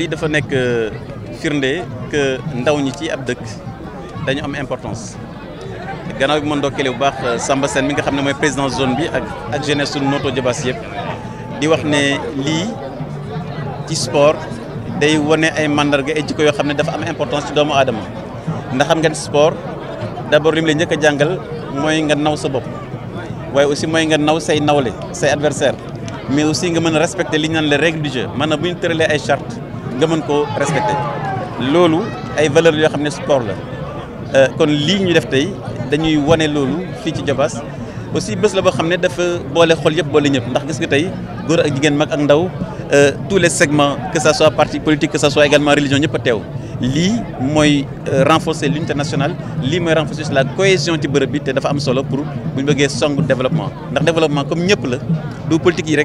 li dafa nek euh, firnde ke ndaw ñi ci ab deuk dañu am importance gannaaw bi mo ndokkele bu baax euh, Samba sen mi nga xamné moy mooy président zone bi ak ak jeunesse noto Notto yépp di wax né li ci sport day woné ay mandarga ay jikko yo xamné dafa am importance ci doomu adam ndax xam ngeen sport d'abord lim lay ñëk a jàngal mooy nga naw sa bop waaye aussi moy nga naw say nawlé say adversaire mais aussi nga mëna respecter li ñu naan règle du jeu maanaam buñu ay charte Nous mën respecter. respecté valeurs qui sport la euh, aussi la que euh, tous les segments que ce soit parti politique que ce soit également religion nous euh, renforcer l'unité nationale qui renforcer la cohésion ci bi solo pour une développement le développement comme ñëpp la politique yi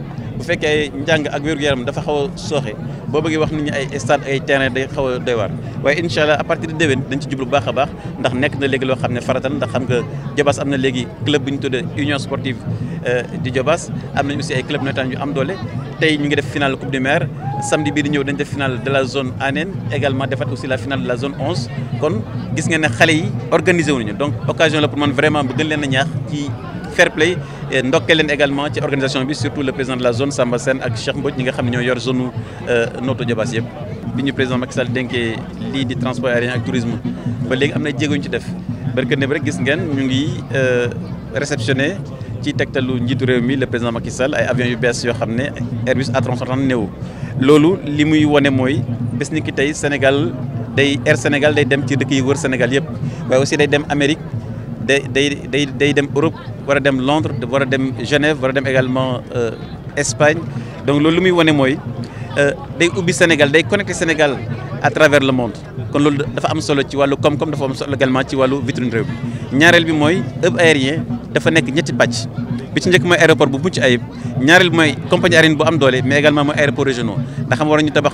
bu fekkee ak wér yaram dafa xaw soxé bo boo wax nit ñi ay stade ay terrain day xaw doy war way inshallah allah à partir de dewen dañ ci jublu baaxa baax ndax nek na légui lo xamné ne faratan ndax xam nga Jobaas amna légui club buñ ñu union sportive euh, di Jobaas am nañu aussi ay club nawetaan yu am doole tay ñu ngi def finale coupe du maire samedi bi di ñëw dañ def finale de la zone anen e également defat aussi la finale de la zone 11 kon gis nga né xalé yi organisé wuñu donc occasion la pour man vraiment bu gën leen ñaax ci fair play ndokkelen également ci organisation bi surtout le président de la zone Samba Sen ak Cheikh Mbodj ñi nga xam ne ñoo yor zone euh noto yëpp yeb biñu président Macky Sall denké li di transport aérien ak tourisme ba léegi amna djéguñ ci def barke ne rek gis ngeen ñu ngi euh, réceptionné ci tektalu njiitu réew mi le président Macky Sall ay avion yu bees yo xamné Airbus A330 Neo lolu li muy wone mooy bés Sénégal day Air Sénégal day dem ci dëkk yi wër Sénégal yëpp waaye aussi day dem Amérique day day day day dem Europe wara dem Londres war a dem Genève wara dem également euh, Espagne donc loolu lu muy moy euh day ubbi Sénégal day connecter Sénégal à travers le monde kon loolu dafa am solo ci walu comme comme dafa am solo également ci walu vitrine réew bi bi moy hub aérien dafa nek ñetti pàcc bi ci ñëk moy aéroport bu mucc ayib ñaareel bi mooy compagnie aérienne bu am doole mais également moy aéroport régional. Da xam war ñu tabax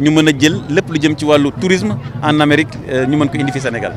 ñu mën a jël lépp lu jëm ci wàllu tourisme en Amérique euh, ñu mën ko indi fi Sénégal